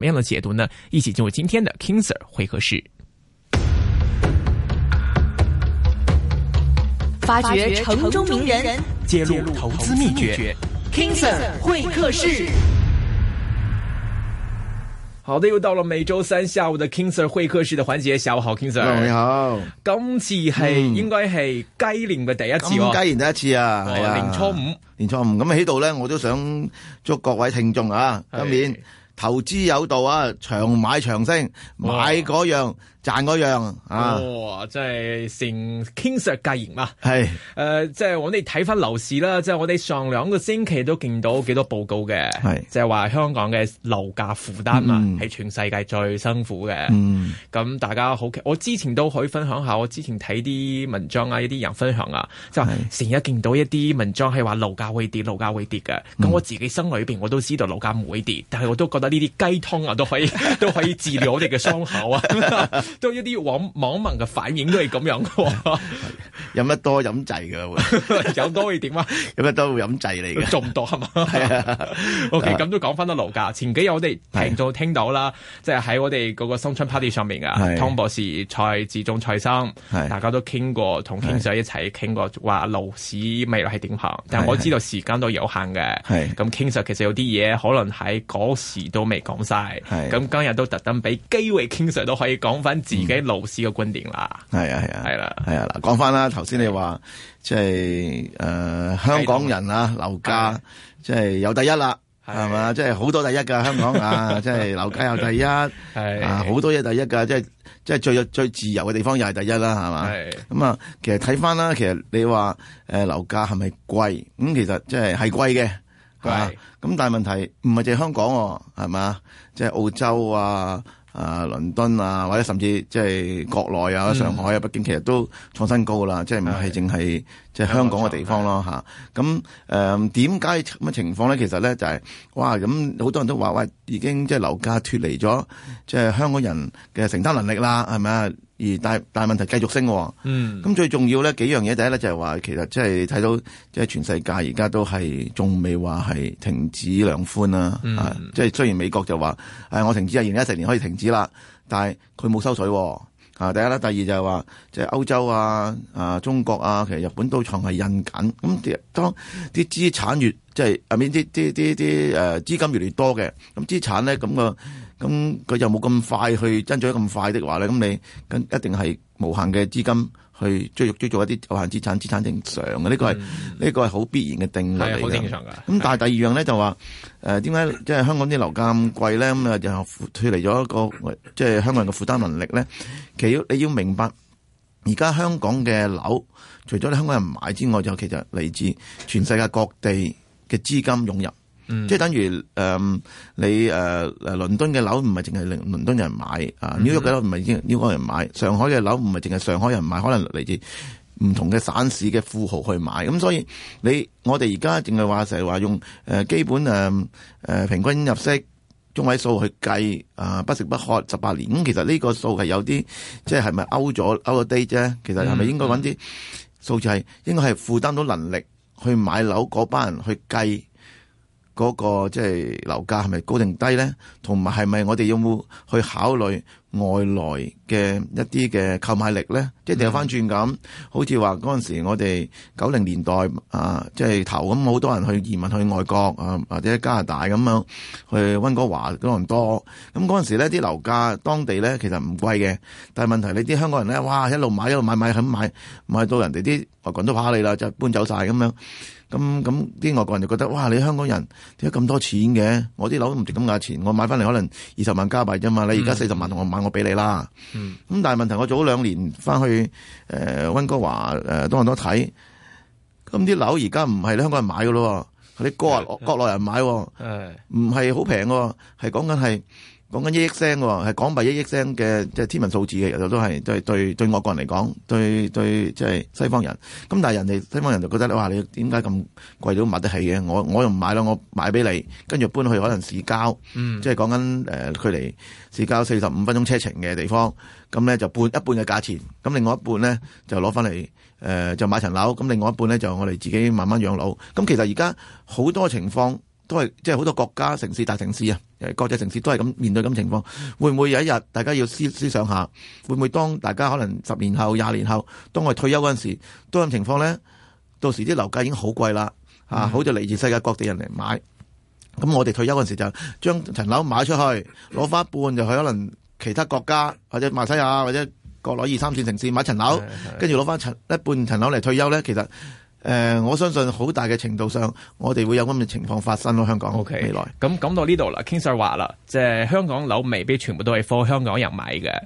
什麼樣的解讀呢？一起進入今天的 King Sir 會客室，發掘城中名人，揭露投資秘訣。King Sir 會客室，好的，又到了每周三下午的 King Sir 會客室的環節。下午好，King Sir，你好。今次係、嗯、應該係雞年嘅第一次哦，雞年第一次啊，啊、年初五，年初五。咁喺度呢，我都想祝各位聽眾啊，今年。嘿嘿投資有道啊，長買長升，買嗰樣。賺嗰樣啊，哇、哦，係成傾石價型嘛，係，誒、呃，即係我哋睇翻樓市啦，即係我哋上兩個星期都見到幾多報告嘅，係，即係話香港嘅樓價負擔嘛，係、嗯、全世界最辛苦嘅，咁、嗯、大家好，我之前都可以分享一下，我之前睇啲文章啊，一啲人分享啊，就成日見到一啲文章係話樓價會跌，樓價會跌嘅，咁、嗯、我自己心裏邊我都知道樓價唔會跌，但係我都覺得呢啲雞湯啊都可以都可以治療我哋嘅傷口啊。 都一啲網網民嘅反應都係咁樣喎，哦， 飲 得多飲滯嘅，有多會點啊？飲得多會飲滯嚟嘅，仲多係嘛？係啊。OK，咁、 okay, uh, 都講翻到樓價。前幾日我哋聽到聽到啦，即係喺我哋嗰個新春 party 上面㗎。湯博士蔡志忠蔡生，大家都傾過，同 King Sir 一齊傾過話樓市未來係點行。但我知道時間都有限嘅，係咁 King Sir 其實有啲嘢可能喺嗰時都未講晒。咁今日都特登俾機會 King Sir 都可以講翻。自己老師嘅觀點啦，係啊係啊，係啦係啊。嗱、啊，講翻啦，頭先、啊啊啊、你話即係誒香港人啊，啊樓價即係有第一啦，係嘛、啊？即係好多第一噶 香港啊，即、就、係、是、樓價有第一，係啊，好、啊、多嘢第一噶，即係即係最最自由嘅地方又係第一啦，係嘛？咁啊，其實睇翻啦，其實你話誒、呃、樓價係咪貴？咁、嗯、其實即係係貴嘅，係嘛咁、啊啊啊，但係問題唔係淨係香港、啊，係嘛？即、就、係、是、澳洲啊。啊，倫敦啊，或者甚至即係國內啊，上海啊、嗯、北京，其實都創新高啦、嗯，即係唔係淨係即係香港嘅地方咯吓，咁誒點解咁嘅情況咧？其實咧就係、是、哇，咁好多人都話喂，已經即係樓價脫離咗即係香港人嘅承擔能力啦，係咪啊？而大大問題繼續升喎，咁、嗯、最重要咧幾樣嘢，第一咧就係話其實即係睇到即係全世界而家都係仲未話係停止量寬啦，即、嗯、係、啊就係、雖然美國就話、哎、我停止啊，而家成年可以停止啦，但係佢冇收水。啊，第一啦，第二就係話，即係歐洲啊、啊中國啊，其實日本都仲係印緊。咁當啲資產越即係後面啲啲啲啲誒資金越嚟越多嘅，咁資產咧咁個，咁佢、啊、又冇咁快去增長咁快的話咧，咁你咁一定係無限嘅資金。去追逐追做一啲有限資產資產正常嘅呢、這個係呢、嗯這個係好必然嘅定律，係好正常嘅。咁但係第二樣咧就話，誒點解即係香港啲樓價咁貴咧？咁啊又脫離咗一個即係、就係、香港人嘅負擔能力咧？其實你要明白，而家香港嘅樓除咗你香港人買之外，就其實嚟自全世界各地嘅資金湧入。嗯、即係等於誒、嗯、你誒誒、啊、倫敦嘅樓唔係淨係倫倫敦人買，紐約嘅樓唔係淨係紐約人買，上海嘅樓唔係淨係上海人買，可能嚟自唔同嘅省市嘅富豪去買。咁所以你我哋而家淨係話成日話用誒、呃、基本誒、呃、平均入息中位數去計啊、呃，不食不喝十八年其、就是是是嗯。其實呢個數係有啲即係係咪 out 咗 out 咗 date 啫？其實係咪應該揾啲、嗯、數字係應該係負擔到能力去買樓嗰班人去計？嗰、那個即係樓價係咪高定低咧？同埋係咪我哋有冇去考慮外來嘅一啲嘅購買力咧？即係掉翻轉咁，好似話嗰陣時我哋九零年代啊，即、就、係、是、頭咁，好多人去移民去外國啊，或者加拿大咁樣去溫哥華嗰度多。咁嗰陣時咧，啲樓價當地咧其實唔貴嘅，但係問題你啲香港人咧，哇一路買一路買買肯買，買到人哋啲外國都怕你啦，就是、搬走晒咁樣。咁咁啲外國人就覺得，哇！你香港人點解咁多錢嘅？我啲樓都唔值咁價錢，我買翻嚟可能二十萬加幣啫嘛。你而家四十萬同我買，我俾你啦。咁、嗯、但係問題，我早兩年翻去誒温哥華、呃誒多倫多睇，咁啲樓而家唔係香港人買噶咯，係啲國、嗯、國內人買，唔係好平，係講緊係。講緊一億聲喎，係港幣一億聲嘅，即係天文數字嘅，其實都係對對對外國人嚟講，對對即係、就是、西方人。咁但係人哋西方人就覺得哇，你點解咁貴都買得起嘅？我我又唔買啦，我買俾你，跟住搬去可能市郊，即係講緊誒距離市郊四十五分鐘車程嘅地方。咁咧就半一半嘅價錢，咁另外一半咧就攞翻嚟誒就買層樓，咁另外一半咧就我哋自己慢慢養老。咁其實而家好多情況。都係即係好多國家城市大城市啊，誒國際城市都係咁面對咁情況，會唔會有一日大家要思思想下？會唔會當大家可能十年後、廿年後，當我哋退休嗰陣時都咁情況咧？到時啲樓價已經好貴啦，啊，好似嚟自世界各地人嚟買。咁我哋退休嗰陣時就將層樓賣出去，攞翻一半就去可能其他國家或者馬西亞或者國內二三線城市買層樓，跟住攞翻一半層樓嚟退休咧，其實～誒、呃，我相信好大嘅程度上，我哋會有咁嘅情況發生咯，香港未來。咁、okay, 咁到呢度啦，King Sir 話啦，即、就、係、是、香港樓未必全部都係靠香港人買嘅。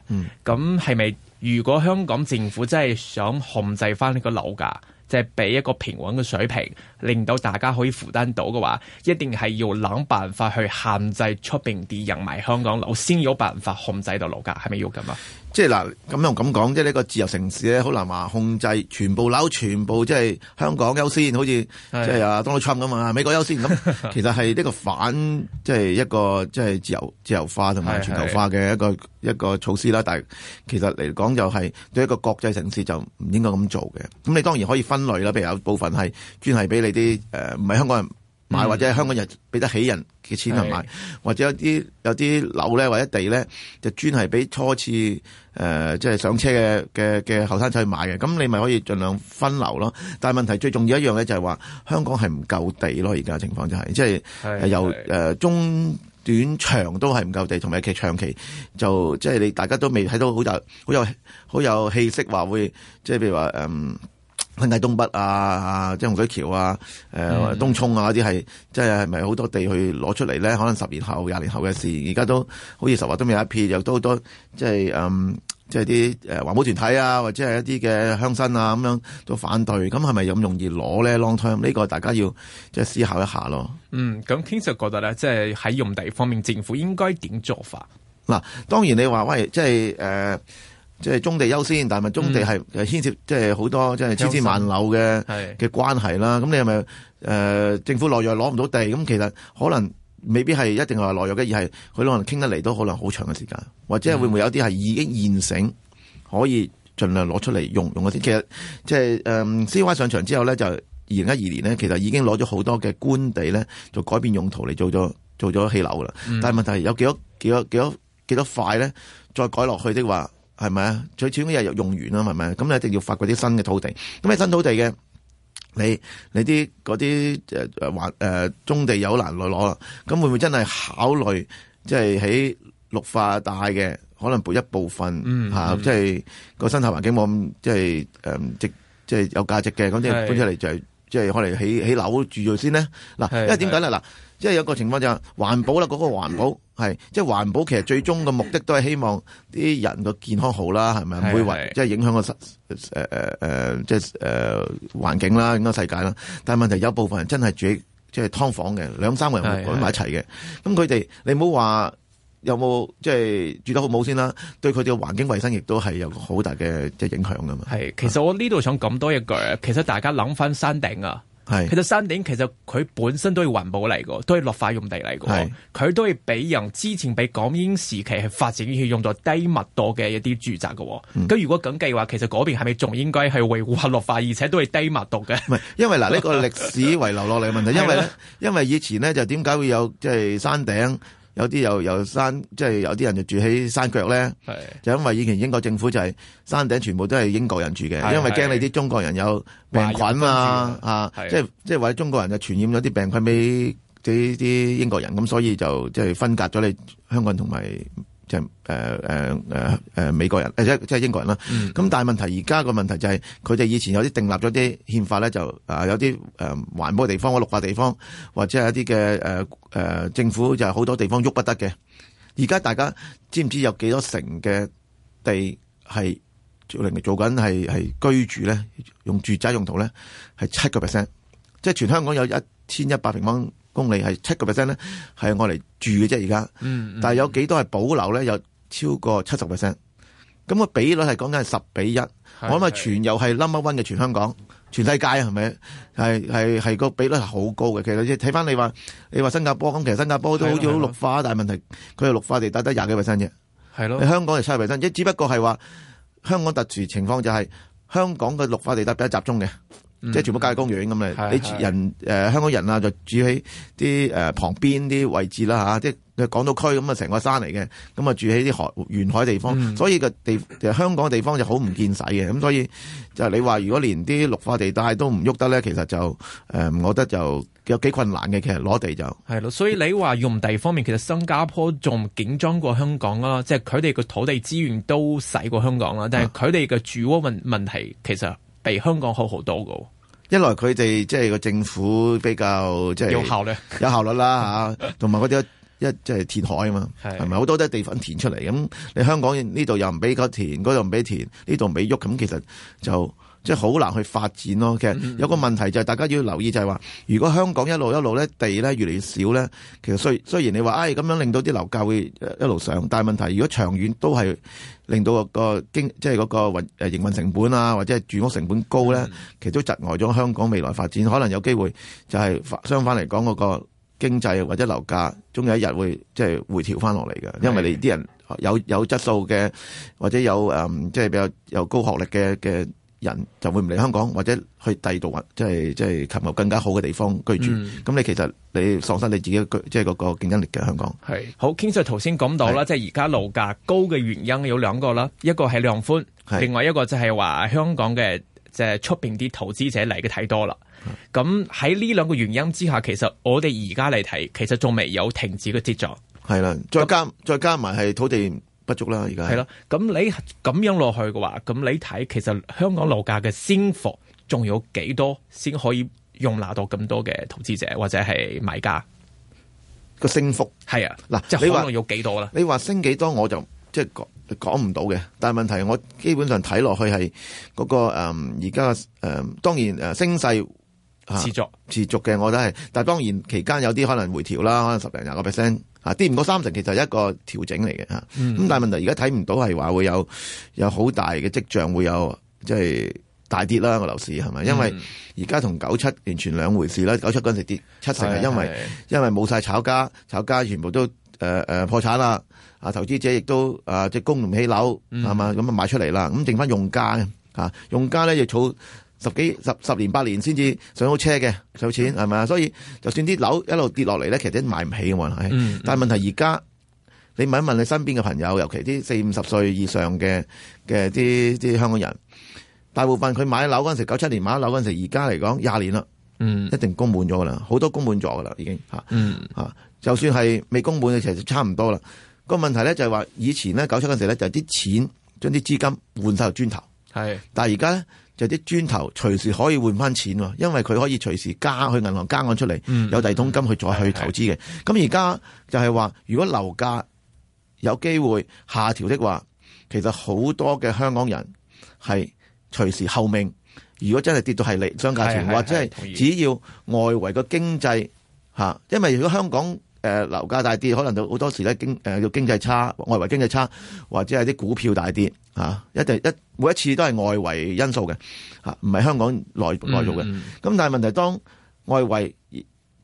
咁係咪？如果香港政府真係想控制翻呢個樓價，即係俾一個平穩嘅水平，令到大家可以負擔到嘅話，一定係要諗辦法去限制出邊啲人買香港樓，先有辦法控制到樓價，係咪要咁啊？即係嗱，咁樣咁講，即係呢個自由城市咧，好難話控制全部樓，全部即係香港優先，好似即係阿 Donald Trump 咁啊，美國優先咁，其實係呢個反即係一個即係自由、自由化同埋全球化嘅一個一個措施啦。但係其實嚟講，就係對一個國際城市就唔應該咁做嘅。咁你當然可以分類啦，譬如有部分係專係俾你啲誒唔係香港人，買、嗯、或者香港人俾得起人嘅錢去買係，或者有啲有啲樓咧或者地咧、呃，就專係俾初次誒即係上車嘅嘅嘅後生仔去買嘅，咁你咪可以盡量分流咯。但係問題最重要一樣咧，就係話香港係唔夠地咯，而家嘅情況就係即係由中短長都係唔夠地，同埋其實長期就即係、就係、你大家都未睇到好有好有好有氣息話會即係譬如話誒。嗯新界東北啊，即係洪水橋啊，誒東涌啊，嗰啲係即係咪好多地去攞出嚟咧？可能十年後、廿年後嘅事，而家都好似十劃都未有一撇，又都好多即係誒，即係啲誒環保團體啊，或者係一啲嘅鄉紳啊，咁樣都反對，咁係咪咁容易攞咧？Long term 呢個大家要即係思考一下咯。嗯，咁 King Sir 覺得咧，即係喺用地方面，政府應該點做法？嗱，當然你話喂，即係誒。呃即係棕地優先，但係咪棕地係誒牽涉即係好多即係、就是、千絲萬縷嘅嘅關係啦。咁你係咪誒政府內藥攞唔到地？咁其實可能未必係一定係話內藥嘅，而係佢可能傾得嚟都可能好長嘅時間，或者會唔會有啲係已經現成可以盡量攞出嚟用用嗰啲、嗯？其實即係誒 C Y 上場之後咧，就二零一二年咧，其實已經攞咗好多嘅官地咧，就改變用途嚟做咗做咗起樓啦、嗯。但係問題係有幾多幾多幾多幾多塊咧？再改落去的話。係咪啊？最短嗰日又用完啦，係咪？咁你一定要發掘啲新嘅土地。咁你新土地嘅，你你啲嗰啲誒誒環誒棕地有難來攞啦。咁會唔會真係考慮即係喺綠化帶嘅可能撥一部分嚇，即係個生態環境冇咁即係誒值，即、就、係、是、有價值嘅，咁即係搬出嚟就係即係可能起起樓住咗先咧。嗱，因為點解咧？嗱、即、啊、係、就是、有一個情況就係、是、環保啦，嗰、那個環保。係，即係環保，其實最終嘅目的都係希望啲人個健康好啦，係咪？唔 會為即係影響個誒誒誒，即係誒環境啦，影響個世界啦。但係問題有部分人真係住即係劏房嘅，兩三個人住埋一齊嘅。咁佢哋，你唔好話有冇即係住得好唔好先啦，對佢哋嘅環境衛生亦都係有好大嘅即係影響㗎嘛。係，其實我呢度想講多一句，其實大家諗翻山頂啊。其實山頂其實佢本身都係環保嚟嘅，都係綠化用地嚟嘅。佢都係俾人之前俾港英時期係發展去用作低密度嘅一啲住宅嘅。咁、嗯、如果咁計嘅話，其實嗰邊係咪仲應該係維護下綠化，而且都係低密度嘅？唔係，因為嗱呢、這個歷史遺留落嚟嘅問題， 因為咧，因為以前咧就點解會有即係、就是、山頂？有啲又有，有山，即係有啲人就住喺山腳咧。就因為以前英國政府就係山頂全部都係英國人住嘅，因為驚你啲中國人有病菌啊！啊，即係即係話中國人就傳染咗啲病菌俾啲啲英國人，咁所以就即係分隔咗你香港同埋。就誒誒誒美國人，或者即係英國人啦。咁、嗯、但係問題而家個問題就係、是，佢哋以前有啲訂立咗啲憲法咧，就啊有啲誒、呃、環保嘅地方或者綠化地方，或者係一啲嘅誒誒政府就係好多地方喐不得嘅。而家大家知唔知有幾多少成嘅地係做零做緊係居住咧？用住宅用途咧係七個 percent，即係全香港有一千一百平方公里係七個 percent 咧，係我嚟住嘅啫，而家、嗯。嗯。但係有幾多係保留咧？有超過七十 percent。咁、嗰個比率係講緊係十比一。我諗係全油係 number one 嘅全香港、全世界係咪？係係係個比率係好高嘅。其實睇返你話，你話新加坡咁，其實新加坡都好似好綠化，但係問題佢嘅綠化地帶得得廿幾 percent 啫。係咯。喺香港係七十 percent，只不過係話香港特殊情況就係、係、香港嘅綠化地帶比較集中嘅。嗯、即係全部街公園咁你人誒、呃、香港人啊，就住喺啲誒旁邊啲位置啦嚇即係港島區咁啊，成個山嚟嘅，咁啊住喺啲海沿海,沿海地方，嗯、所以個地其實香港地方就好唔見使嘅，咁所以就你話如果連啲綠化地帶都唔喐得咧，其實就誒、呃，我覺得就有幾困難嘅，其實攞地就係咯，所以你話用地方面，其實新加坡仲緊張過香港啦，即係佢哋個土地資源都細過香港啦，但係佢哋嘅住屋問問題其實比香港好好多個。一來佢哋即係個政府比較即係、就是、有效率，有效率啦吓，同埋嗰啲一即係、就是、填海啊嘛，係咪好多都係地方填出嚟？咁你香港呢度又唔俾個填，嗰度唔俾填，呢度唔俾喐，咁其實就.。 即係好難去發展咯。其實有個問題就係大家要留意就係話，如果香港一路一路咧地咧越嚟越少咧，其實雖，雖然你話，唉、哎，咁樣令到啲樓價會一路上，但係問題如果長遠都係令到、個經即係嗰個運誒營運成本啊，或者係住屋成本高咧、嗯，其實都窒礙咗香港未來發展。可能有機會就係、是、相反嚟講嗰個經濟或者樓價，總有一日會即係回調翻落嚟嘅。因為你啲人有有質素嘅，或者有誒即係比較有高學歷嘅嘅。人就會唔嚟香港，或者去第二度或即係即係尋求更加好嘅地方居住。咁、嗯、你其實你喪失你自己即係嗰、那個競爭力嘅香港。係好，King Sir，頭先講到啦，即係而家樓價高嘅原因有兩個啦，一個係量寬，另外一個就係話香港嘅即係出邊啲投資者嚟嘅太多啦。咁喺呢兩個原因之下，其實我哋而家嚟睇，其實仲未有停止嘅跡象。係啦，再加再加埋係土地。不足啦，而家係咁你咁樣落去嘅話，咁你睇其實香港樓價嘅升幅仲有幾多先可以容納到咁多嘅投資者或者係買家個升幅係啊，嗱，即係你話有幾多啦？你話升幾多我就即係講講唔到嘅。但係問題我基本上睇落去係嗰、那個誒而家誒，當然誒、呃、升勢、啊、持續持續嘅，我覺得係。但係當然期間有啲可能回調啦，可能十零廿個 percent。啊，跌唔到三成，其實係一個調整嚟嘅吓。咁但係問題而家睇唔到係話會有有好大嘅跡象，會有即係、就是、大跌啦，個樓市係咪？因為而家同九七完全兩回事啦、嗯。九七嗰陣時跌七成係因為因為冇晒炒家，炒家全部都誒、呃呃、破產啦。啊，投資者亦都、呃、即只供唔起樓係嘛？咁啊賣出嚟啦，咁剩翻用家啊，用家咧亦儲。十幾十十年八年先至上到車嘅，上到錢係咪？所以就算啲樓一路跌落嚟咧，其實都買唔起嘅嘛、嗯。但係問題而家，你問一問你身邊嘅朋友，尤其啲四五十歲以上嘅嘅啲啲香港人，大部分佢買樓嗰陣時，九七年買樓嗰陣時，而家嚟講廿年啦、嗯，一定供滿咗噶啦，好多供滿咗噶啦，已經吓吓、嗯啊，就算係未供滿嘅，其實差唔多啦。個問題咧就係話，以前咧九七嗰陣時咧就係、是、啲錢將啲資金換晒磚頭，係，但係而家咧。就啲、是、磚頭隨時可以換翻錢喎，因為佢可以隨時加去銀行加按出嚟，有第二桶金去再去投資嘅。咁而家就係話，如果樓價有機會下調的話，其實好多嘅香港人係隨時候命。如果真係跌到係你雙價錢，或者係只要外圍個經濟吓，因為如果香港。誒、呃、樓價大跌，可能就好多時咧經誒個、呃、經濟差，外圍經濟差，或者係啲股票大跌嚇，一定、啊、一,一,一每一次都係外圍因素嘅嚇，唔係香港、嗯、內內陸嘅。咁但係問題當外圍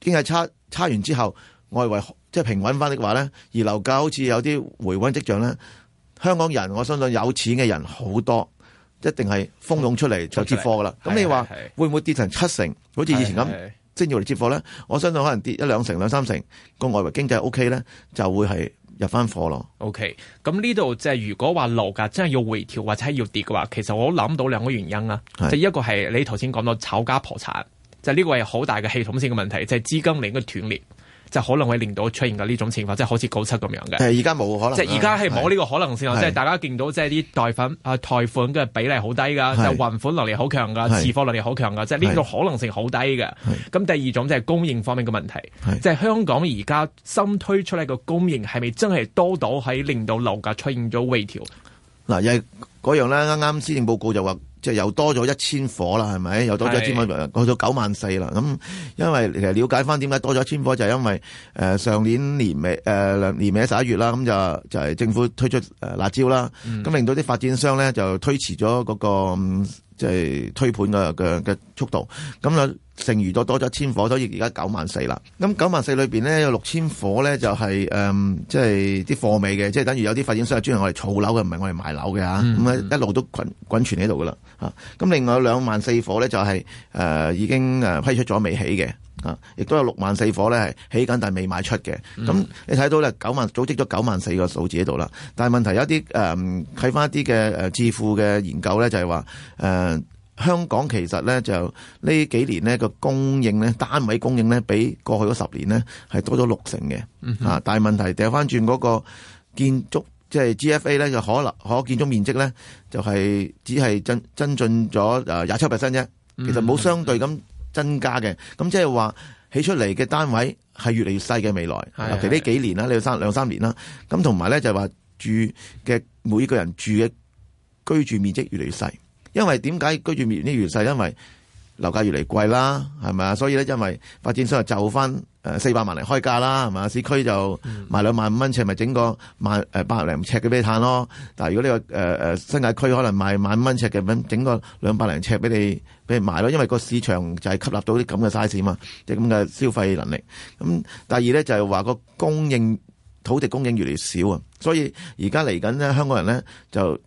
經濟差差完之後，外圍即係平穩翻的話咧，而樓價好似有啲回穩跡象咧，香港人我相信有錢嘅人好多，一定係蜂擁出嚟再接貨㗎啦。咁、嗯啊嗯、你話會唔會跌成七成？好似以前咁。先要嚟接貨咧，我相信可能跌一兩成、兩三成，個外圍經濟 OK 咧，就會係入翻貨咯。OK，咁呢度即係如果話樓價真係要回調或者係要跌嘅話，其實我諗到兩個原因啊。即係一個係你頭先講到炒家破產，就呢個係好大嘅系統性嘅問題，就係、是、資金鏈嘅斷裂。就可能會令到出現嘅呢種情況，即係好似九七咁樣嘅。而家冇可能、啊。即係而家係冇呢個可能性，即係、就是、大家見到即係啲貸款、啊，貸款嘅比例好低㗎，就是、還款能力好強㗎，持貨能力好強㗎，即係呢個可能性好低嘅。咁第二種即係供應方面嘅問題，即係、就是、香港而家新推出嚟嘅供應係咪真係多到喺令到樓價出現咗微調嗱、啊？因為嗰樣咧，啱啱施政報告就話。就又多咗一千伙啦，係咪？又多咗一千伙去咗九萬四啦。咁因為其實瞭解返點解多咗一千伙，就係、係、因為誒、呃、上年年尾誒、呃、年尾十一月啦，咁就就係、政府推出辣招啦，咁、嗯、令到啲發展商咧就推遲咗嗰、嗰個即係、嗯就係、推盤嘅嘅嘅速度，咁剩餘多多咗一千火，所以而家九萬四啦。咁九萬四裏面呢，有六千火呢，就係、是、誒、嗯，即係啲貨尾嘅，即係等於有啲發展商係專係我哋儲樓嘅、啊，唔係我哋賣樓嘅，咁啊，一路都滾滾存喺度噶啦，咁另外兩萬四火呢，就係、是、誒、呃、已經誒、呃、批出咗未起嘅啊，亦都有六萬四火呢，係起緊但未賣出嘅。咁、嗯、你睇到咧九萬組織咗九萬四個數字喺度啦。但係問題有啲誒睇翻一啲嘅誒智庫嘅研究呢，就係、是、話香港其實咧就呢幾年呢個供應咧單位供應咧比過去嗰十年咧係多咗六成嘅、嗯，啊！但係問題掉翻轉嗰個建築即係 GFA 咧就可能可建築面積咧就係、是、只係增增進咗啊廿七 percent 啫，其實冇相對咁增加嘅。咁即係話起出嚟嘅單位係越嚟越細嘅未來，嗯、尤其呢幾年啦，呢兩兩三年啦。咁同埋咧就話、是、住嘅每個人住嘅居住面積越嚟越細。因為點解居住面呢越細？因為樓價越嚟越貴啦，係咪啊？所以咧，因為發展商就翻、誒四百萬嚟開價啦，係嘛？市區就賣兩萬五蚊尺，咪整個萬誒百零尺嘅俾你嘆咯。但係如果呢個誒誒新界區可能賣萬五蚊尺嘅，咁整個兩百零尺俾你俾你賣咯。因為個市場就係吸納到啲咁嘅 size 嘛，即係咁嘅消費能力。咁第二咧就係話個供應土地供應越嚟越少啊，所以而家嚟緊咧香港人咧就。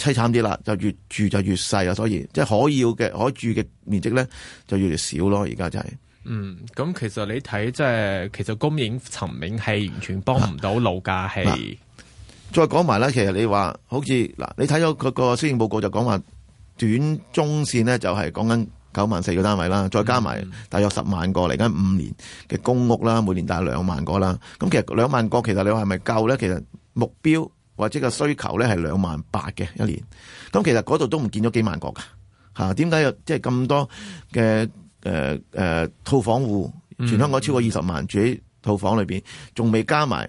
淒慘啲啦，就越住就越細啊，所以即係可要嘅可住嘅面積咧，就越嚟越少咯。而家就係、是、嗯，咁其實你睇即係，其實供應層面係完全幫唔到樓價係。再講埋咧，其實你話、啊啊、好似嗱，你睇咗佢個銷售報告就講話短中線咧就係講緊九萬四個單位啦，再加埋大約十萬個嚟緊五年嘅公屋啦，每年大約兩萬個啦。咁其實兩萬個，其實你話係咪夠咧？其實目標。或者個需求咧係兩萬八嘅一年，咁其實嗰度都唔見咗幾萬個噶嚇，點解有即係咁多嘅誒誒套房戶？全香港超過二十萬住喺套房裏邊，仲、嗯、未加埋，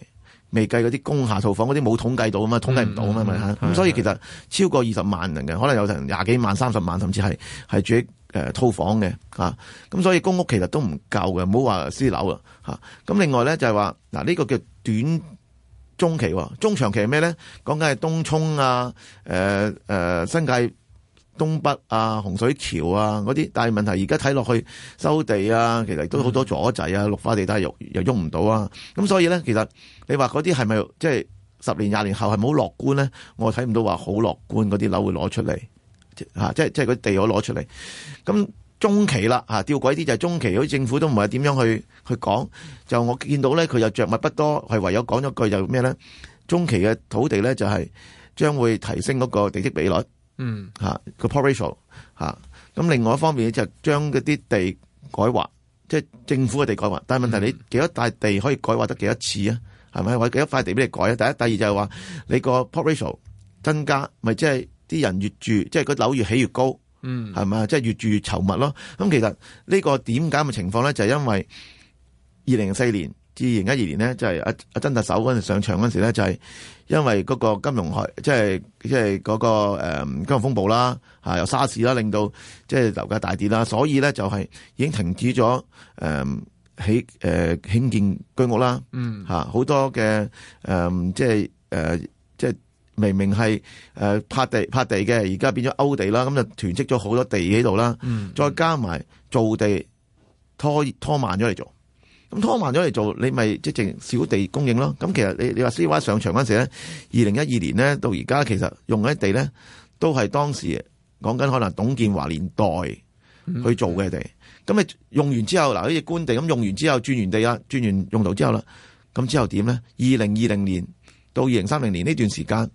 未計嗰啲工廈套房嗰啲冇統計到啊嘛，統計唔到啊嘛咪嚇，咁、嗯嗯、所以其實超過二十萬人嘅，可能有成廿幾萬、三十萬，甚至係係住喺誒套房嘅嚇，咁、啊、所以公屋其實都唔夠嘅，唔好話私樓啊嚇。咁另外咧就係話嗱，呢、啊呢個叫短中期喎，中長期係咩咧？講緊係東涌啊，誒、呃、誒、呃、新界東北啊，洪水橋啊嗰啲。但係問題而家睇落去收地啊，其實都好多阻滯啊，綠化地帶又又喐唔到啊。咁所以咧，其實你話嗰啲係咪即係十年、廿年後係冇好樂觀咧？我睇唔到話好樂觀嗰啲樓會攞出嚟嚇，即係即係嗰地我攞出嚟咁。中期啦吓，吊詭啲就係中期，好似政府都唔係點樣去去講，就我見到咧佢又著墨不多，係唯有講咗句就咩咧？中期嘅土地咧就係、是、將會提升嗰個地積比率，嗯吓個、啊、plot ratio 咁、啊、另外一方面就將嗰啲地改劃，即、就、係、是、政府嘅地改劃，但係問題你幾多大地可以改劃得幾多次啊？係咪或者幾多塊地俾你改啊，第一、第二就係話你個 plot ratio 增加，咪即係啲人越住，即係個樓越起越高。嗯，係咪，即係越住越稠密咯。咁其實個呢個點解嘅情況咧，就係、是、因為二零零四年至二零一二年呢，就係、是、阿阿曾特首嗰陣上場嗰陣時咧，就係、是、因為嗰個金融海，即係即係嗰個誒、嗯、金融風暴啦，吓、啊、由沙士啦，令到即係樓價大跌啦，所以咧就係已經停止咗誒、嗯、起誒興、呃、建居屋啦。嗯，吓、啊、好多嘅誒、嗯、即係誒。呃明明係誒、呃、拍地拍地嘅，而家變咗勾地啦，咁就囤積咗好多地喺度啦。再加埋造地拖拖慢咗嚟做，咁拖慢咗嚟做，你咪即係少地供應咯。咁其實你你話 C Y 上場嗰陣時咧，二零一二年咧到而家，其實用嗰啲地咧都係當時講緊可能董建華年代去做嘅地。咁、嗯、你用完之後，嗱好似官地咁用完之後，轉完地啊，轉完用途之後啦，咁之後點咧？二零二零年。到二零三零年呢段時間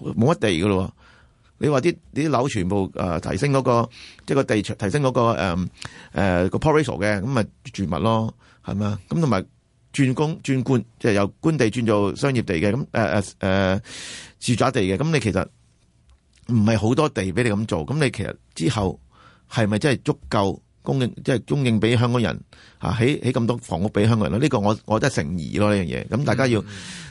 冇乜地噶咯，你話啲啲樓全部誒提升嗰個即係個地提升嗰個誒誒個 porosity 嘅，咁咪住物咯係咪啊？咁同埋轉工轉官，即係由官地轉做商業地嘅，咁誒誒住宅地嘅，咁你其實唔係好多地俾你咁做，咁你其實之後係咪真係足夠。供應即係供應俾香港人，啊，起起咁多房屋俾香港人啦，呢個我我覺得係誠意咯呢樣嘢，咁大家要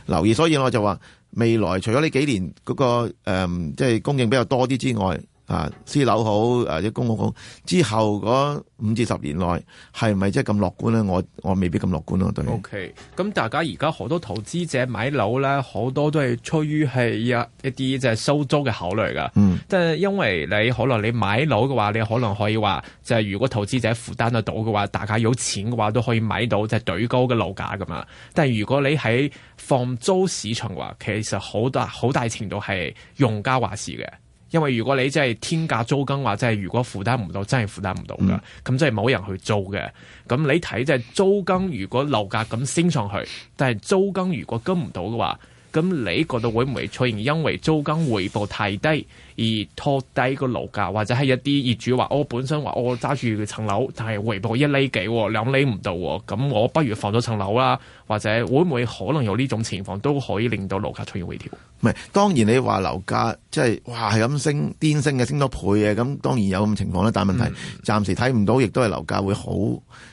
留意。所以我就話未來除咗呢幾年嗰個誒，即係供應比較多啲之外，啊，私樓好，或、啊、者公屋好，之後嗰五至十年內係咪即係咁樂觀咧？我我未必咁樂觀咯。對，OK。咁、okay. 大家而家好多投資者買樓咧，好多都係出於係一啲即係收租嘅考慮噶。嗯，但係因為你可能你買樓嘅話，你可能可以話，就係、是、如果投資者負擔得到嘅話，大家有錢嘅話都可以買到即係對高嘅樓價噶嘛。但係如果你喺放租市場話，其實好大好大程度係用家話事嘅。因為如果你真係天價租金或真係如果負擔唔到，真係負擔唔到㗎，咁即係冇人去租嘅。咁你睇即係租金，如果樓價咁升上去，但係租金如果跟唔到嘅話。咁你覺得會唔會出現因為租金回報太低而拖低個樓價，或者係一啲業主話我本身話我揸住層樓，但係回報一厘幾兩釐唔到，咁我不如放咗層樓啦，或者會唔會可能有呢種情況都可以令到樓價出現回調？唔係，當然你話樓價即係哇係咁升，癲升嘅升多倍嘅、啊，咁當然有咁情況啦。但係問題、嗯、暫時睇唔到，亦都係樓價會好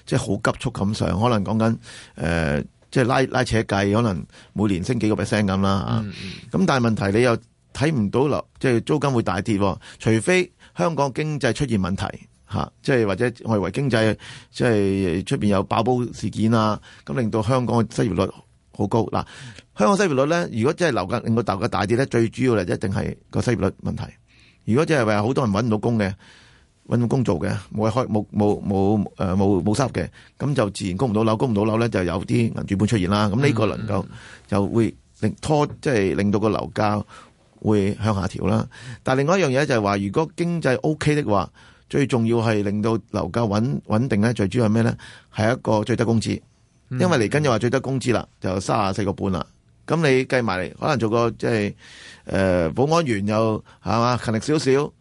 即係好急速咁上，可能講緊誒即、就、係、是、拉拉扯計，可能每年升幾個 percent 咁啦嚇。咁、嗯、但係問題你又睇唔到樓，即、就、係、是、租金會大跌。除非香港經濟出現問題，即係或者我認為經濟即係出邊有爆煲事件啊，咁令到香港嘅失業率好高。嗱，香港失業率咧，如果真係樓價令到樓價大跌咧，最主要咧，一定係個失業率問題。如果即係話好多人搵唔到工嘅。揾份工作做嘅，冇開冇冇冇誒冇冇收入嘅，咁就自然供唔到樓，供唔到樓咧就有啲銀主盤出現啦。咁呢個能夠就會令拖，即係令到個樓價會向下調啦。但係另外一樣嘢就係話，如果經濟 O K 的話，最重要係令到樓價穩穩定咧，最主要係咩咧？係一個最低工資，因為嚟緊又話最低工資啦，就卅四個半啦。咁你計埋可能做個即係誒保安員又係嘛勤力少少，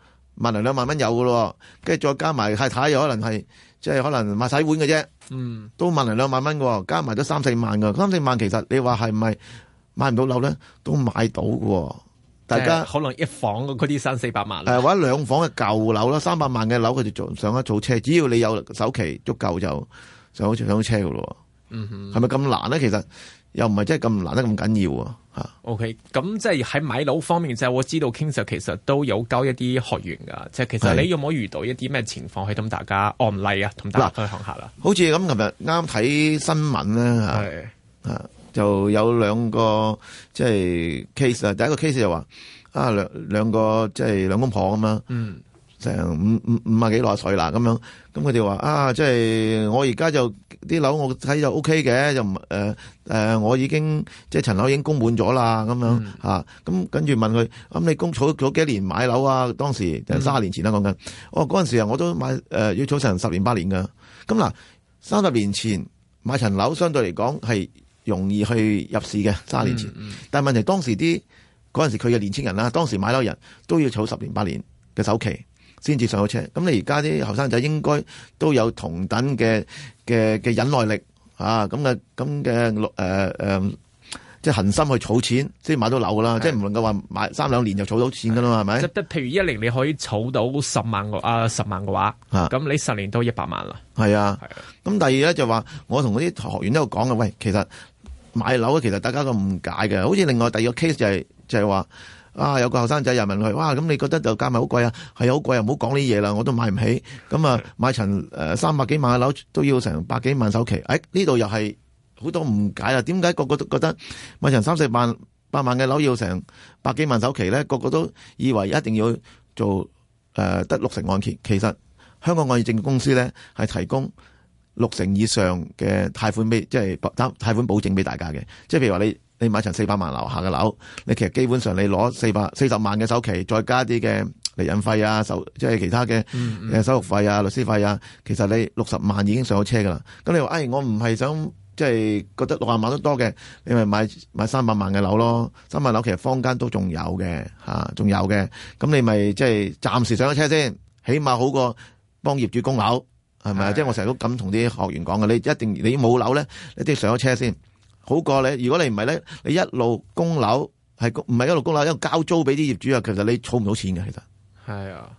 萬零兩萬蚊有嘅咯，跟住再加埋太太，有可能係即係可能買洗碗嘅啫，都萬零兩萬蚊喎，加埋都三四萬㗎。三四萬其實你話係咪買唔到樓咧？都買到喎。大家、哎、可能一房嗰啲三四百萬，或者兩房嘅舊樓啦，三百萬嘅樓佢就上一上車，只要你有首期足夠就上好似上車嘅咯。嗯哼，係咪咁難咧？其實？又唔係真係咁難得咁緊要啊？吓，OK，咁即係喺買樓方面，就係我知道 King Sir 其實都有教一啲學員噶，即係其實你有冇遇到一啲咩情況去等大家案、哦、例家啊？同大家去講下啦。好似咁，琴日啱睇新聞咧，吓，啊，就有兩個即係 case 啊，第一個 case 就話、是、啊兩兩個即係兩公婆咁樣，嗯。成五五五啊幾六啊歲啦咁樣，咁佢哋話啊，即係我而家就啲樓我睇就 O K 嘅，就唔誒誒，我已經即係層樓已經供滿咗啦咁樣嚇，咁、嗯啊、跟住問佢，咁、啊、你供儲咗幾多年買樓啊？當時卅、就係、年前啦講緊，我嗰陣時啊我都買誒、呃、要儲成十年八年嘅。咁嗱，三十年前買層樓相對嚟講係容易去入市嘅，卅年前，嗯嗯、但係問題當時啲嗰陣時佢嘅年輕人啦，當時買樓人都要儲十年八年嘅首期。先至上到車。咁你而家啲後生仔應該都有同等嘅嘅嘅忍耐力啊！咁嘅咁嘅誒即係恒心去儲錢，先買到樓噶啦。即係唔能夠話買三兩年就儲到錢噶啦係咪？得譬如一零你可以儲到十萬個啊十萬個話啊，咁你十年都一百萬啦。係啊，係啊。咁、啊嗯、第二咧就話，我同嗰啲學員都度講嘅：「喂，其實買樓咧，其實大家都誤解嘅，好似另外第二個 case 就係、是、就係、是、話。啊！有個後生仔又嚟問佢，哇！咁你覺得就價埋好貴啊？係好貴啊！唔好講呢嘢啦，我都買唔起。咁、嗯、啊，買層三百幾萬嘅樓都要成百幾萬首期。誒呢度又係好多誤解啊！點解個個都覺得買層三四萬、百萬嘅樓要成百幾萬首期咧？個個都以為一定要做誒、呃、得六成按揭。其實香港按證公司咧係提供六成以上嘅貸款俾，即係貸款保證俾大家嘅。即係譬如話你。你買成四百萬樓下嘅樓，你其實基本上你攞四百四十萬嘅首期，再加啲嘅厘印費啊，手即係其他嘅誒手續費啊、律師費啊，其實你六十萬已經上咗車噶啦。咁你話誒、哎，我唔係想即係、就是、覺得六十萬都多嘅，你咪買買三百萬嘅樓咯。三百萬樓其實坊間都仲有嘅嚇，仲、啊、有嘅。咁你咪即係暫時上咗車先，起碼好過幫業主供樓係咪啊？即係、就是、我成日都咁同啲學員講嘅，你一定你冇樓咧，你都要上咗車先。好過你，如果你唔係咧，你一路供樓，係唔係一路供樓，一路交租俾啲業主啊，其實你儲唔到錢嘅，其實係啊，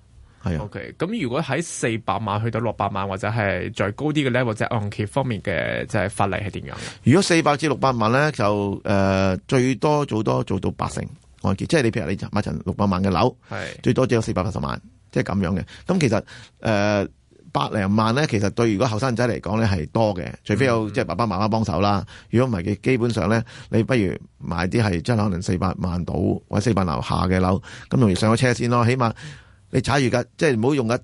係啊。O K，咁如果喺四百萬去到六百萬或者係再高啲嘅咧，或者按揭方面嘅即係法例係點樣？如果四百至六百萬咧，就誒、呃、最多做多做到八成按揭，即係你譬如你買層六百萬嘅樓，係最多只有四百八十萬，即係咁樣嘅。咁其實誒。呃百零萬咧，其實對如果後生仔嚟講咧係多嘅，除非有即係爸爸媽媽幫手啦。如果唔係嘅，基本上咧，你不如買啲係即係可能四百萬到或者四百樓下嘅樓，咁容易上咗車先咯。起碼你踩住架，即係唔好用架。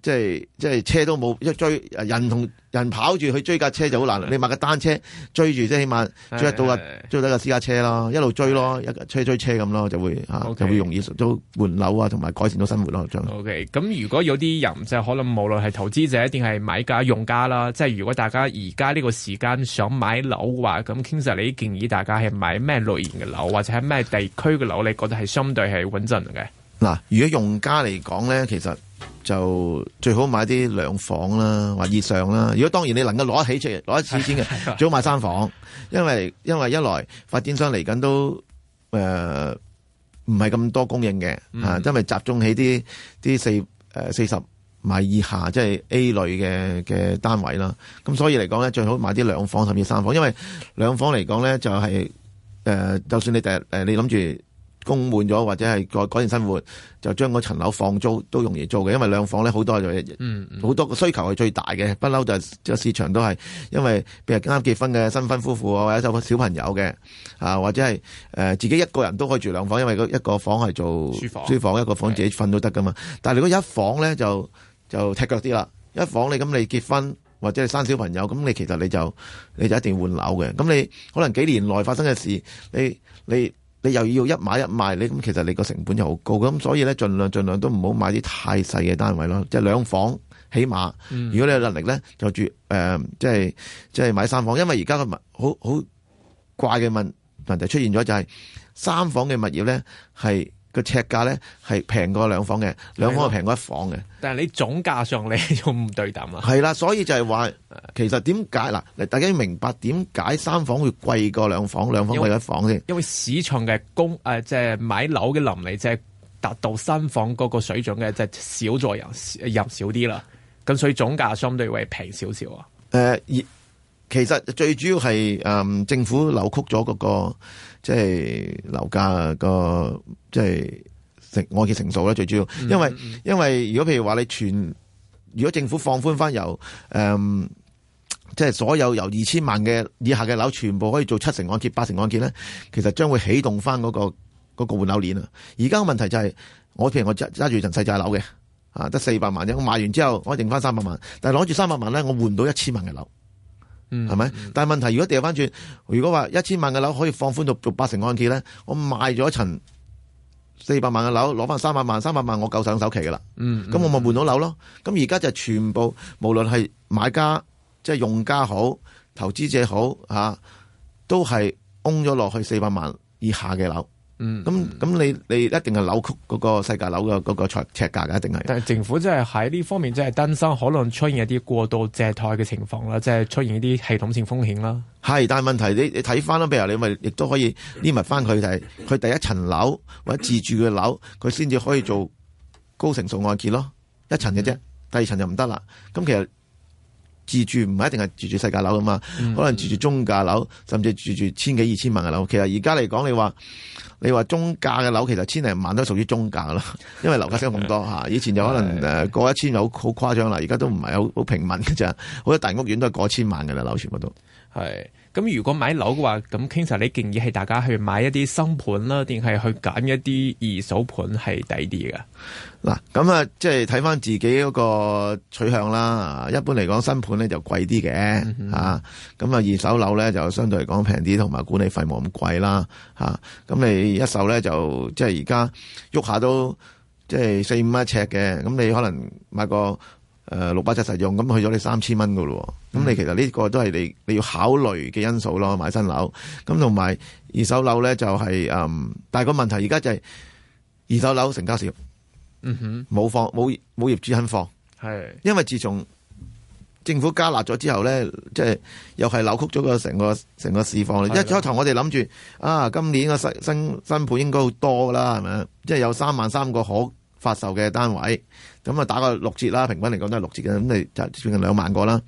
即係即係車都冇，一追人同人跑住去追架車就好難。 你買架單車追住，即係起碼追得到個 追得到架私家車啦，一路追咯， 一車追，追車咁咯，就會吓、okay. 就會容易都換樓啊，同埋改善到生活咯，O K，咁如果有啲人即係可能無論係投資者定係買家、用家啦，即係如果大家而家呢個時間想買樓嘅話，咁其實你建議大家係買咩類型嘅樓，或者係咩地區嘅樓，你覺得係相對係穩陣嘅？嗱，如果用家嚟講咧，其實。就最好買啲兩房啦，或以上啦。如果當然你能夠攞得起出嚟，攞得起錢嘅， 最好買三房。因為因為一來發展商嚟緊都誒唔係咁多供應嘅，啊、嗯，因為集中喺啲啲四誒四十米以下，即係 A 類嘅嘅單位啦。咁所以嚟講咧，最好買啲兩房甚至三房，因為兩房嚟講咧就係誒，就算你第日誒你諗住。供滿咗或者係改善生活，就將嗰層樓放租都容易租嘅，因為兩房咧好多就，好、嗯嗯、多需求係最大嘅，不嬲就是、市場都係，因為譬如啱結婚嘅新婚夫婦啊，或者小朋友嘅啊，或者係誒自己一個人都可以住兩房，因為一個房係做書房，書房一個房自己瞓都得噶嘛。但係如果一房咧就就踢腳啲啦，一房你咁你結婚或者係生小朋友，咁你其實你就你就一定換樓嘅。咁你可能幾年內發生嘅事，你你。你又要一買一賣，你咁其實你個成本又好高咁，所以咧盡量盡量都唔好買啲太細嘅單位咯，即係兩房起碼。如果你有能力咧，就住誒，即係即係買三房，因為而家個物好好怪嘅問問題出現咗，就係三房嘅物業咧係。個尺價咧係平過兩房嘅，兩房係平過一房嘅。但係你總價上你又唔對等啊？係啦，所以就係話， 其實點解嗱？大家要明白點解三房會貴過兩房，兩房貴過一房先。因為市場嘅供誒，即、呃、係、就是、買樓嘅能力，即係達到三房嗰個水準嘅，即係少咗人，入少啲啦。咁所以總價相對會平少少啊。誒、呃，其實最主要係誒、嗯，政府扭曲咗嗰，那個即係樓價個即係按揭成數咧。最主要，嗯，因為因為如果譬如話你全如果政府放寬翻由誒即係所有由二千萬嘅以下嘅樓，全部可以做七成按揭，八成按揭咧，其實將會啟動翻嗰，那個嗰，那個換樓鏈啊。而家個問題就係，是，我譬如我揸揸住陳世仔樓嘅啊，得四百萬啫，我賣完之後我剩翻三百萬，但係攞住三百萬咧，我唔換到一千萬嘅樓。係咪、嗯嗯？但係問題如果掉翻轉，如果話一千萬嘅樓可以放寬到做八成按揭咧，我賣咗一層四百萬嘅樓，攞翻三百萬、三百萬，我夠上首期噶啦。嗯，咁、嗯、我咪換到樓咯。咁而家就全部無論係買家即係用家好，投資者好吓、啊，都係空咗落去四百萬以下嘅樓。嗯，咁咁你你一定係扭曲嗰個世界樓嘅嗰個尺價㗎，一定係。但係政府真係喺呢方面真係擔心，可能出現一啲過度借貸嘅情況啦，即係出現一啲系統性風險啦。係，但係問題你你睇翻啦，譬如你咪亦都可以連埋翻佢哋，佢第一層樓或者自住嘅樓，佢先至可以做高成數按揭咯，一層嘅啫、嗯。第二層就唔得啦。咁其實自住唔係一定係自住世界樓㗎嘛、嗯，可能自住中價樓，甚至自住千幾二千萬嘅樓。其實而家嚟講，你話，你話中價嘅樓其實千零萬都屬於中價啦，因為樓價升咁多吓，以前就可能誒過一千就好好誇張啦，而家都唔係好好平民嘅咋，好多大屋苑都係過一千萬㗎啦，樓全部都。係，咁如果買樓嘅話，咁其實你建議係大家去買一啲新盤啦，定係去揀一啲二手盤係抵啲嘅？嗱，咁啊，即係睇翻自己嗰個取向啦。一般嚟講，新盤咧就貴啲嘅，吓，咁啊，二手樓咧就相對嚟講平啲，同埋管理費冇咁貴啦，吓、啊。咁你一手咧就，即係而家喐下都，即係四五蚊一尺嘅，咁你可能買個。誒六八七實用咁去咗你三千蚊噶咯，咁你其實呢個都係你你要考慮嘅因素咯，買新樓咁同埋二手樓咧就係、是、嗯，但係個問題而家就係、是、二手樓成交少，嗯哼，冇放冇冇業主肯放，因為自從政府加壓咗之後咧，即係又係扭曲咗個成個成個市況。一開頭我哋諗住啊，今年個新新盤應該好多啦，係咪？即係有三萬三個可。發售嘅單位，咁啊打個六折啦，平均嚟講都係六折嘅，咁你就接近兩萬個啦，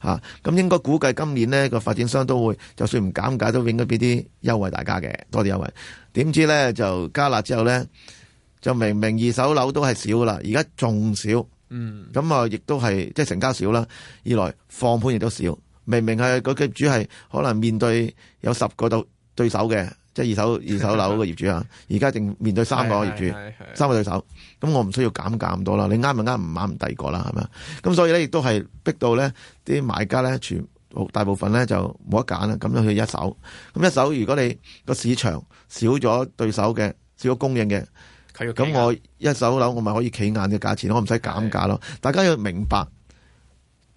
咁、啊、應該估計今年呢個發展商都會，就算唔減價都應該俾啲優惠大家嘅，多啲優惠。點知咧就加辣之後咧，就明明二手樓都係少啦，而家仲少，嗯，咁啊亦都係即係成交少啦。二來放盤亦都少，明明係佢、嗰個、業主係可能面對有十個到對手嘅。即、就、係、是、二手 二手樓個業主啊，而家正面對三個業主，是是是是三個對手，咁我唔需要減價咁多啦。你啱咪啱，唔啱唔第二個啦，係咪啊？咁所以咧，亦都係逼到咧啲買家咧，全大部分咧就冇得揀啦。咁要去一手，咁一手如果你個市場少咗對手嘅，少咗供應嘅，咁、啊、我一手樓我咪可以企硬嘅價錢，我唔使減價咯。是是大家要明白。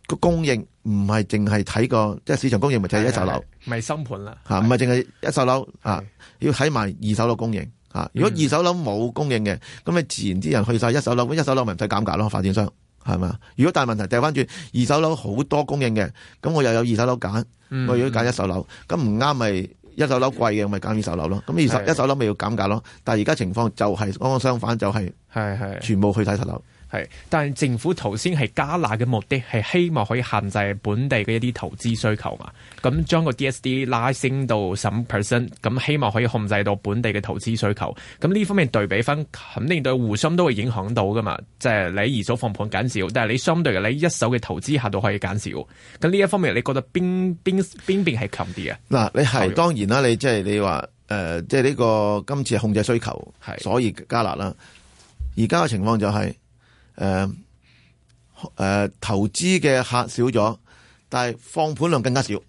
個供應唔係淨係睇個，即係市場供應咪就係一手樓，咪新盤啦吓，唔係淨係一手樓啊，要睇埋二手樓供應啊。如果二手樓冇供應嘅，咁、嗯、咪自然啲人去晒一手樓，一手樓咪唔使減價咯，發展商係咪？如果大問題掉翻轉，二手樓好多供應嘅，咁我又有二手樓揀，我如果揀一手樓，咁唔啱咪一手樓貴嘅，咪揀二手樓咯。咁二手一手樓咪要減價咯。但係而家情況就係剛剛相反、就是，就係係係，全部去睇一手樓。係，但係政府頭先係加納嘅目的係希望可以限制本地嘅一啲投資需求嘛，咁將個 DSD 拉升到十五 percent，咁希望可以控制到本地嘅投資需求。咁呢方面對比翻，肯定對互相都會影響到噶嘛。即係你二手放盤減少，但係你相對嘅你一手嘅投資客都可以減少。咁呢一方面，你覺得邊邊邊邊係強啲嘅？嗱，你係當然啦，你即係你話誒，即係呢個今次係控制需求，係所以加納啦。而家嘅情況就係。誒、啊、誒、啊，投資嘅客少咗，但係放盤量更加少，係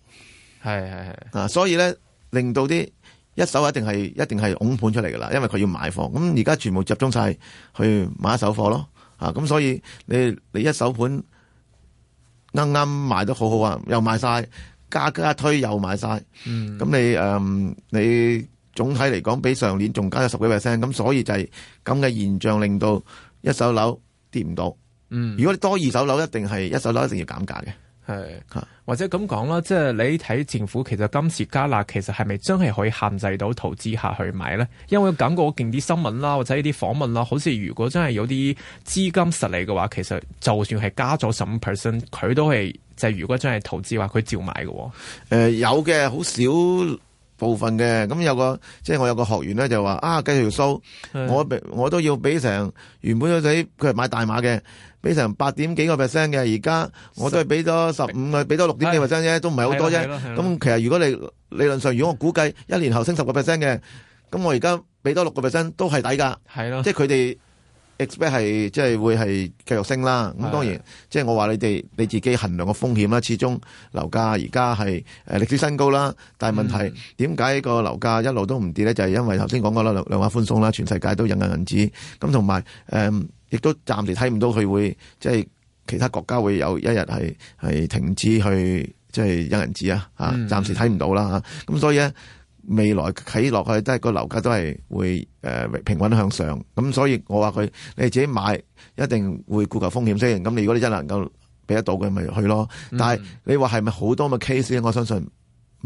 係係啊，所以咧令到啲一,一手一定係一定係拱盤出嚟噶啦，因為佢要買貨。咁而家全部集中晒去買一手貨咯，啊，咁所以你你一手盤啱啱賣得好好啊，又賣晒，加加推又賣晒，咁、嗯、你誒、嗯、你總體嚟講比上年仲加咗十幾 percent，咁所以就係咁嘅現象，令到一手樓。跌唔到，嗯，如果你多二手樓，一定係一手樓一定要減價嘅，係吓，或者咁講啦，即係你睇政府其實今次加辣其實係咪真係可以限制到投資客去買咧？因為我講過勁啲新聞啦，或者呢啲訪問啦，好似如果真係有啲資金實力嘅話，其實就算係加咗十五 percent，佢都係即係如果真係投資話，佢照買嘅。誒、呃，有嘅，好少。部分嘅，咁有個即係我有個學員咧就話啊，計條數，我我都要俾成原本嗰啲佢係買大碼嘅，俾成八點幾個 percent 嘅，而家我都係俾咗十五個，俾多六點幾 percent 啫，都唔係好多啫。咁其實如果你理論上如果我估計一年後升十個 percent 嘅，咁我而家俾多六個 percent 都係抵㗎。係咯，即係佢哋。expect 係即係會係繼續升啦，咁當然即係我話你哋你自己衡量個風險啦。始終樓價而家係誒歷史新高啦，但係問題點解個樓價一路都唔跌咧？就係、是、因為頭先講過啦，量量化寬鬆啦，全世界都印緊銀紙，咁同埋誒亦都暫時睇唔到佢會即係其他國家會有一日係係停止去即係印銀紙啊，嚇暫時睇唔到啦，嚇咁所以。未來起落去都係個樓價都係會、呃、平穩向上，咁所以我話佢你自己買一定會顧及風險，所以咁如果你真係能夠俾得到佢咪去咯，嗯、但係你話係咪好多咁嘅 case 呢？我相信。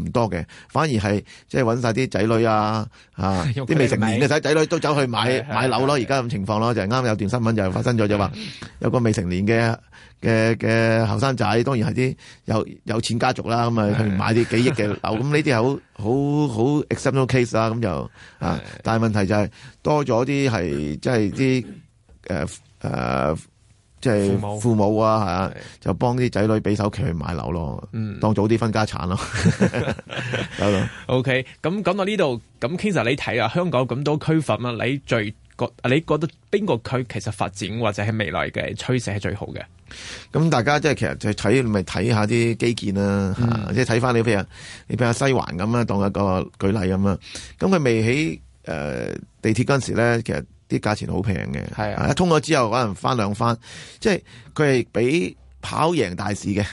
唔多嘅，反而係即係揾晒啲仔女啊，啲、啊、 未成年嘅仔仔女都走去買 買樓咯，而家咁情況咯，就係、是、啱有段新聞就發生咗，就 話有個未成年嘅嘅嘅後生仔，當然係啲有有錢家族啦，咁啊去買啲幾億嘅樓，咁 呢啲係好好好 exceptional case 啦，咁就啊， 但係問題就係、是、多咗啲係即係啲誒誒即係父母啊，就幫啲仔女俾首期去買樓咯，嗯，當早啲分家產咯。 OK，咁咁講到呢度咁其實你睇下香港咁多區份啊，你最覺你覺得邊個區其實發展或者係未來嘅趨勢係最好嘅？咁、嗯、大家即係其實就睇咪睇下啲基建啦，即係睇翻你譬如你譬如西環咁啊，當一個舉例咁啊。咁佢未起誒地鐵嗰陣時咧，其實。啲價錢好平嘅，係啊！通咗之後可能翻兩番，即係佢係俾跑贏大市嘅，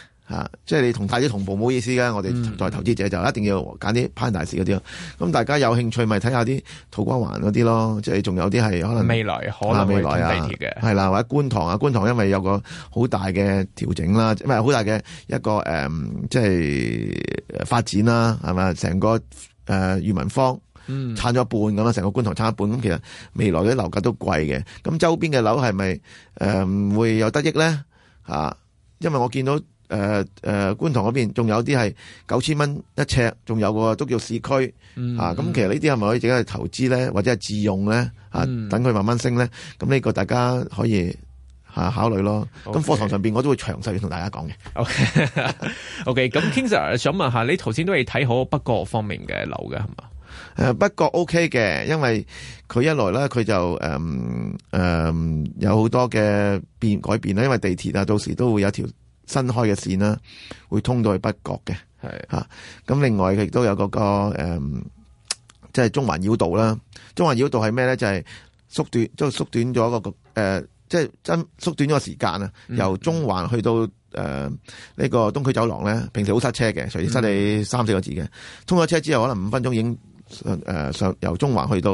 即係你同大市同步冇意思㗎。我哋在投資者就一定要揀啲攀大市嗰啲囉。咁、嗯、大家有興趣咪睇下啲土瓜灣嗰啲咯，即係仲有啲係可能未來可能、啊、未來通地鐵嘅，係啦，或者觀塘啊，觀塘因為有個好大嘅調整啦，因為好大嘅一個誒、嗯，即係發展啦，係咪？成個誒裕、呃、民坊。撐、嗯、咗一半咁啦，成個觀塘差一半咁，其實未來啲樓價都貴嘅。咁周邊嘅樓係咪誒會有得益咧？啊，因為我見到誒誒、呃呃、觀塘嗰邊仲有啲係九千蚊一尺，仲有個都叫市區、嗯、啊。咁其實呢啲係咪可以自己去投資咧，或者係自用咧？啊，等佢慢慢升咧。咁呢個大家可以吓、啊、考慮咯。咁、okay. 課堂上邊我都會詳細要同大家講嘅。OK，咁 King Sir 想問下， 你頭先都係睇好北角方面嘅樓嘅係嘛？誒，不過 OK 嘅，因為佢一來咧，佢就誒誒有好多嘅變改變啦，因為地鐵啊，到時都會有條新開嘅線啦，會通到去北角嘅。係吓、啊，咁另外佢亦都有嗰、嗰個誒，即、嗯、係、就是、中環繞道啦。中環繞道係咩咧？就係、是、縮短，即係縮短咗個誒，即係真縮短咗個時間啊。由中環去到誒呢、呃呢個東區走廊咧，平時好塞車嘅，隨時塞你三四個字嘅。通咗車之後，可能五分鐘已經。誒、呃，上由中環去到、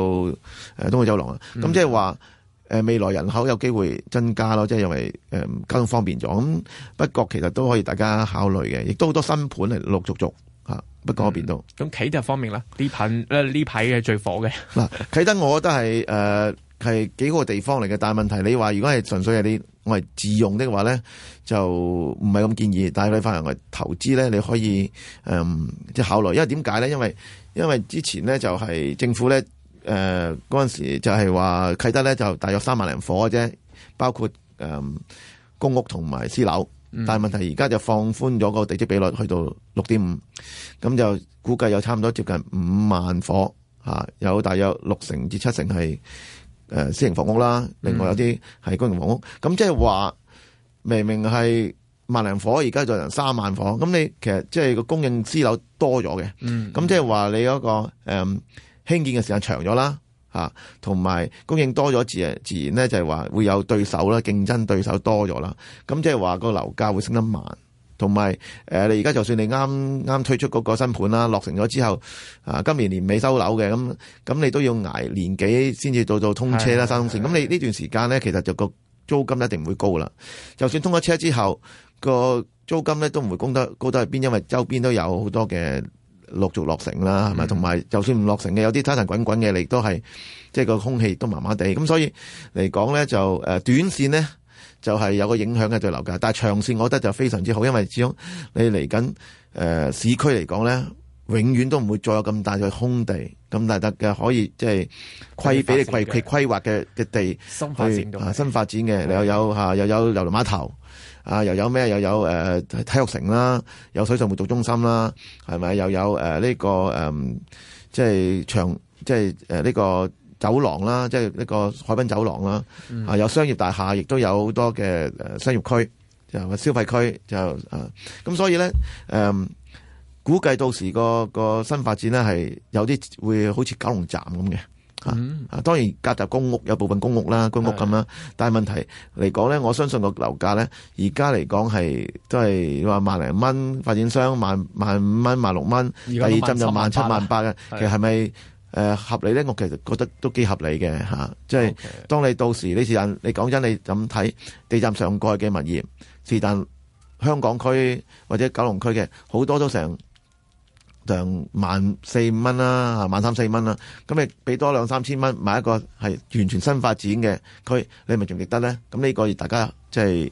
呃、東薈走廊，咁、嗯、即係話誒未來人口有機會增加咯，即係因為誒、呃、交通方便咗。咁、嗯、不過其實都可以大家考慮嘅，亦都好多新盤係陸陸續續吓、啊，不過邊都咁啟德方面啦呢品咧呢排嘅最火嘅。嗱，啟德我覺得係誒係幾個地方嚟嘅，但係問題你話如果係純粹係你我係自用的話咧，就唔係咁建議。但係你反而係投資咧，你可以誒、呃、即係考慮，因為點解咧？因為因為之前咧就係政府咧，誒嗰陣時就係話啟德咧就大約三萬零伙嘅啫，包括誒、呃、公屋同埋私樓。但係問題而家就放寬咗個地積比率去到六點五，咁就估計有差唔多接近五萬伙吓，啊，有大約六成至七成係誒私營房屋啦，另外有啲係公營房屋。咁即係話明明係。萬零火而家就成三萬火，咁你其實即係個供應私樓多咗嘅，咁即係話你嗰，嗰個誒興，嗯、建嘅時間長咗啦，吓，同埋供應多咗，自自然咧就係話會有對手啦，競爭對手多咗啦，咁即係話個樓價會升得慢，同埋誒你而家就算你啱啱推出嗰個新盤啦，落成咗之後，啊今年年尾收樓嘅，咁咁你都要捱年幾先至到到通車啦，三通線，咁你呢段時間咧，其實就個租金一定唔會高啦，就算通咗車之後。個租金咧都唔會供得高得去邊，因為周邊都有好多嘅陸續落成啦，係咪？同埋就算唔落成嘅，有啲沙塵滾滾嘅，你亦都係即係個空氣都麻麻地。咁所以嚟講咧，就誒短線呢就係有個影響嘅對樓價。但係長線，我覺得就非常之好，因為始終你嚟緊誒市區嚟講咧，永遠都唔會再有咁大嘅空地咁大笪嘅可以即係規劃嘅規劃嘅嘅地，新發展、啊、新發展嘅又有吓又有郵輪碼頭。啊！又有咩又有誒、呃、體育城啦，有水上活動中心啦，係咪又有誒呢、呃呢個誒、呃、即係長、呃、即係誒呢個走廊啦，即係呢、呢個海濱走廊啦、嗯。啊，有商業大廈，亦都有好多嘅商業區就消費區就誒咁，呃、所以咧誒、呃、估計到時、個個新發展咧係有啲會好似九龍站咁嘅。嗯、啊！當然，隔集公屋有部分公屋啦、公屋咁啦，但係問題嚟講咧，我相信個樓價咧，而家嚟講係都係萬零蚊，發展商萬、萬五蚊、萬六蚊，第二浸就萬七萬八嘅、啊。其實係咪、呃、合理咧？我其實覺得都幾合理嘅，即係當你到時，是但你講真，你咁睇地鐵上蓋嘅物業，是但香港區或者九龍區嘅好多都成。上萬四五蚊啦、啊，萬三四蚊啦、啊，咁你俾多兩三千蚊買一個係完全新發展嘅區，你咪仲值得咧？咁呢個大家即係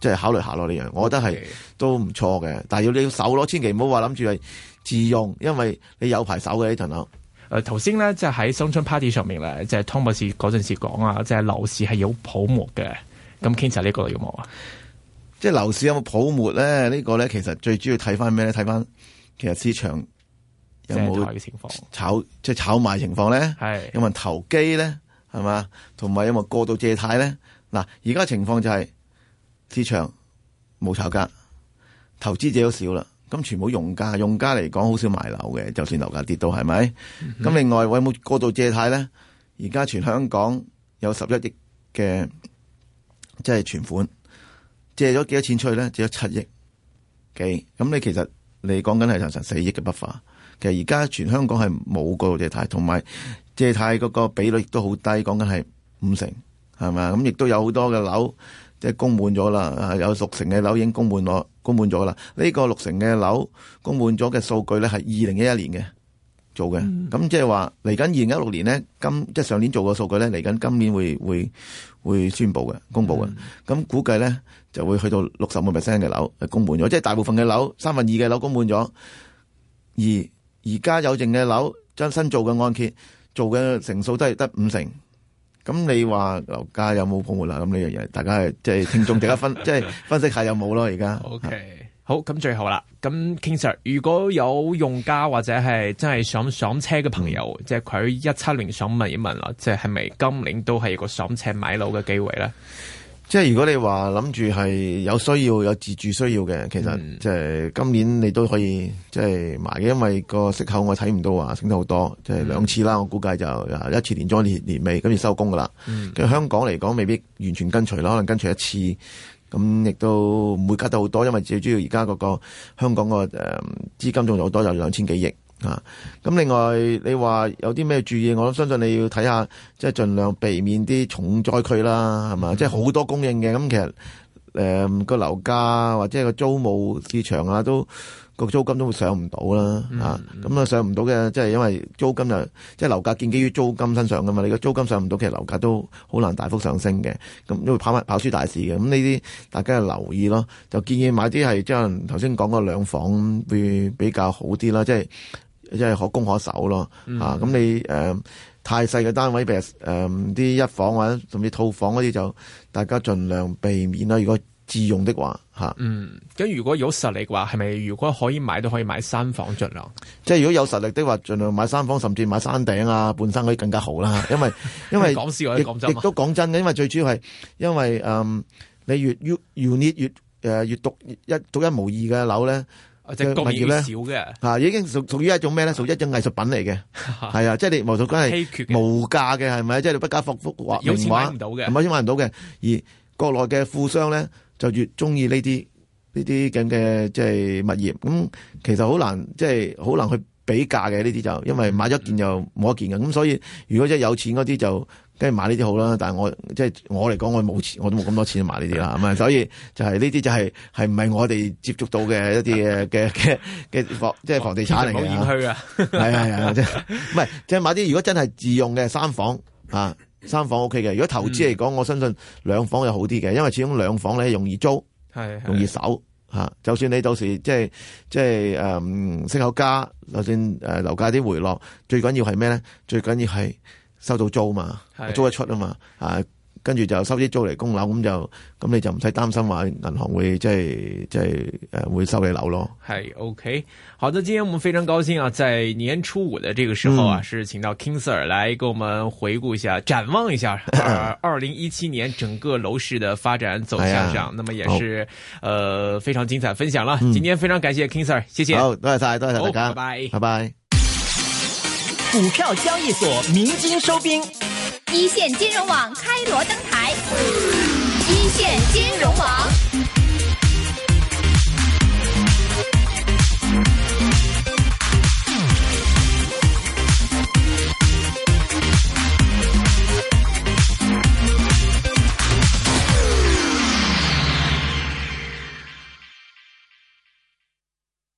即係考慮下咯，呢樣我覺得係、okay. 都唔錯嘅。但係要你要手攞，千祈唔好話諗住係自用，因為你有排手嘅呢層樓。誒頭先咧，即係喺新春 party 上面咧，即係湯博士嗰陣時講啊，即、就、係、是、樓市係有泡沫嘅。咁傾就呢個要冇啊？即係樓市有冇泡沫咧？這個、呢個咧其實最主要睇翻咩咧？睇翻。其實市場有冇炒嘅情況即係炒賣情況咧？有冇投機咧？係嘛，同埋有冇過度借貸咧？嗱，而家情況就係市場冇炒家，投資者都少啦。咁全部用家，用家嚟講好少買樓嘅，就算樓價跌到係咪？咁、嗯、另外有冇過度借貸咧？而家全香港有十一億嘅即係存款，借咗幾多錢出去咧？借咗七億幾。咁你其實。你講緊係層層四億嘅不法，其實而家全香港係冇個借貸，同埋借貸嗰個比率亦都好低，講緊係五成，係咪？咁亦都有好多嘅樓即係供滿咗啦，有六成嘅樓已經供滿咗，供滿咗啦。呢個六成嘅樓供滿咗嘅數據咧係二零一一年嘅。做、嗯、嘅，咁即係話嚟緊二零一六年呢，今即係上年做嘅數據咧，嚟緊今年會會會宣布嘅，公布嘅，咁、嗯、估計咧就會去到六十五 percent 嘅樓係供滿咗，即係大部分嘅樓三分二嘅樓供滿咗，而而家有剩嘅樓將新做嘅按揭做嘅成數都係得五成，咁你話樓價有冇泡沫啦？咁呢樣嘢，大家即係聽眾大家分即係 分析下有冇咯而家。OK，好，咁最後啦。咁，King Sir，如果有用家或者係真係想上車嘅朋友，即係佢一七年想問一問啦，即係係咪今年都係一個上車買樓嘅機會咧？即係如果你話諗住係有需要有自住需要嘅，其實即係今年你都可以即係買嘅，因為個息口我睇唔到話升得好多，即係兩次啦，我估計就一次年中年尾，跟住收工噶啦。跟、嗯、香港嚟講，未必完全跟隨啦，可能跟隨一次。咁亦都唔會加得好多，因為最主要而家嗰個香港個誒資金仲有好多，有兩千幾億啊。咁另外你話有啲咩注意，我相信你要睇下，即係盡量避免啲重災區啦，係嘛？即係好多供應嘅，咁其實誒個樓價或者個租務市場啊都。個租金都會上唔到啦，咁、嗯、啊上唔到嘅，即係因為租金就，即係樓價建基於租金身上噶嘛。你個租金上唔到，其實樓價都好難大幅上升嘅，咁都會跑埋跑輸大市嘅。咁呢啲大家要留意咯，就建議買啲係即係頭先講嗰兩房會比較好啲啦，即係即係可攻可守咯，咁、嗯啊、你誒、呃、太細嘅單位，譬如啲、呃、一房或者甚至套房嗰啲就大家盡量避免啦。如果自用的話，吓，嗯，咁如果有實力嘅話，係咪如果可以買都可以買三房盡量？即係如果有實力的話，盡量，量買三房，甚至買山頂啊、半山，可以更加好啦。因為因為講笑講真，亦都講真嘅，因為最主要係因為誒、嗯，你越 you, you need, 越 n 越誒，uh, 越讀一讀一，讀一無二嘅樓咧，嘅、啊就是、物業少嘅吓，已經屬屬於一種咩咧？屬於一種藝術品嚟嘅，係 啊，即係你是無數孤，係稀缺、無價嘅，係咪即係不加複複畫名畫，冇錢買唔到嘅，冇錢買唔到嘅。而國內嘅富商咧。就越中意呢啲呢啲咁嘅即係物業，咁、嗯、其實好難即係好難去比價嘅呢啲就，因為買咗件又冇一件嘅，咁、嗯、所以如果即係有錢嗰啲就梗係買呢啲好啦，但係我即係、就是、我嚟講我冇錢，我都冇咁多錢買呢啲啦，咁啊所以就係呢啲就係係唔係我哋接觸到嘅一啲嘅嘅嘅房，即、就、係、是、房地產嚟嘅。冇係啊係啊，即係唔係即係買啲如果真係自用嘅三房啊。三房 OK 嘅，如果投資嚟講，我相信兩房又好啲嘅，因為始終兩房咧容易租，容易守吓、啊、就算你到時即係即係誒、嗯、息口加，就算誒樓價啲回落，最緊要係咩咧？最緊要係收到租嘛，租得出啊嘛啊！跟住就收啲租嚟供樓，咁就咁你就唔使擔心話銀行會即係即係誒會收你樓咯。係、hey, OK，好的今天我們非常高興啊，在年初五的這個時候啊，嗯、是請到 King Sir 來跟我們回顧一下、展望一下二零一七年整個樓市的發展走向上。 那麼也是 呃非常精彩分享啦、嗯。今天非常感謝 King Sir，謝謝，好，多謝晒，多謝晒大家，拜拜，拜拜。股票交易所鳴金收兵。 一線金融網開鑼登台，一線金融網。